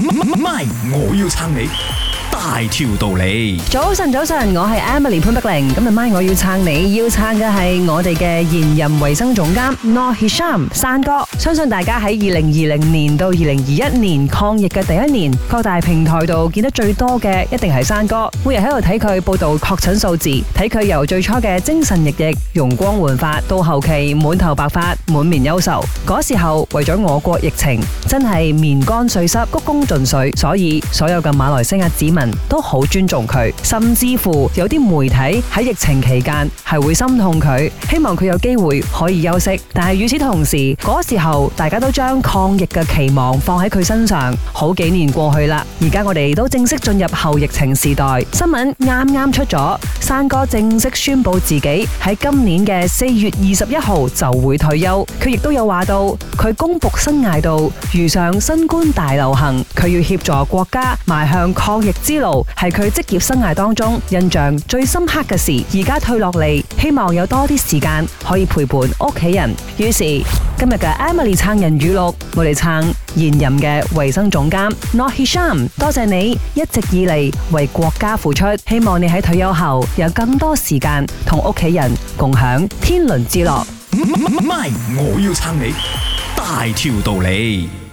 唔，唔，MY，我要撐你。大條道理，早晨早晨，我係 Emily 潘德玲，今晚，MY 我要撐你，要撐嘅係我哋嘅現任衛生總監 Noor Hisham 山哥。相信大家喺二零二零年到二零二一年抗疫嘅第一年，各大平台度見得最多嘅一定係山哥。每日喺度睇佢報道確診數字，睇佢由最初嘅精神奕奕、容光煥發，到後期滿頭白髮、滿面憂愁。嗰時候為咗我國疫情，真係面乾水濕、鞠躬盡瘁。所以所有嘅馬來西亞子民。都好尊重佢，甚至乎有啲媒體喺疫情期間係會心痛佢，希望佢有機會可以休息。但係與此同時，嗰時候大家都將抗疫嘅期望放喺佢身上。好幾年過去啦，而家我哋都正式進入後疫情時代，新聞啱啱出咗。山哥正式宣布自己喺今年嘅四月二十一號就會退休，佢亦都有話到，佢公僕生涯度遇上新冠大流行，佢要協助國家邁向抗疫之路，係佢職業生涯當中印象最深刻嘅事。而家退落嚟，希望有多啲時間可以陪伴屋企人。於是。今日嘅 Emily 撐人語錄，我哋撐現任嘅衛生總監 Noor Hisham，多謝你一直以嚟為國家付出，希望你喺退休後有更多時間同屋企人共享天倫之樂。唔係，我要撐你，大條道理。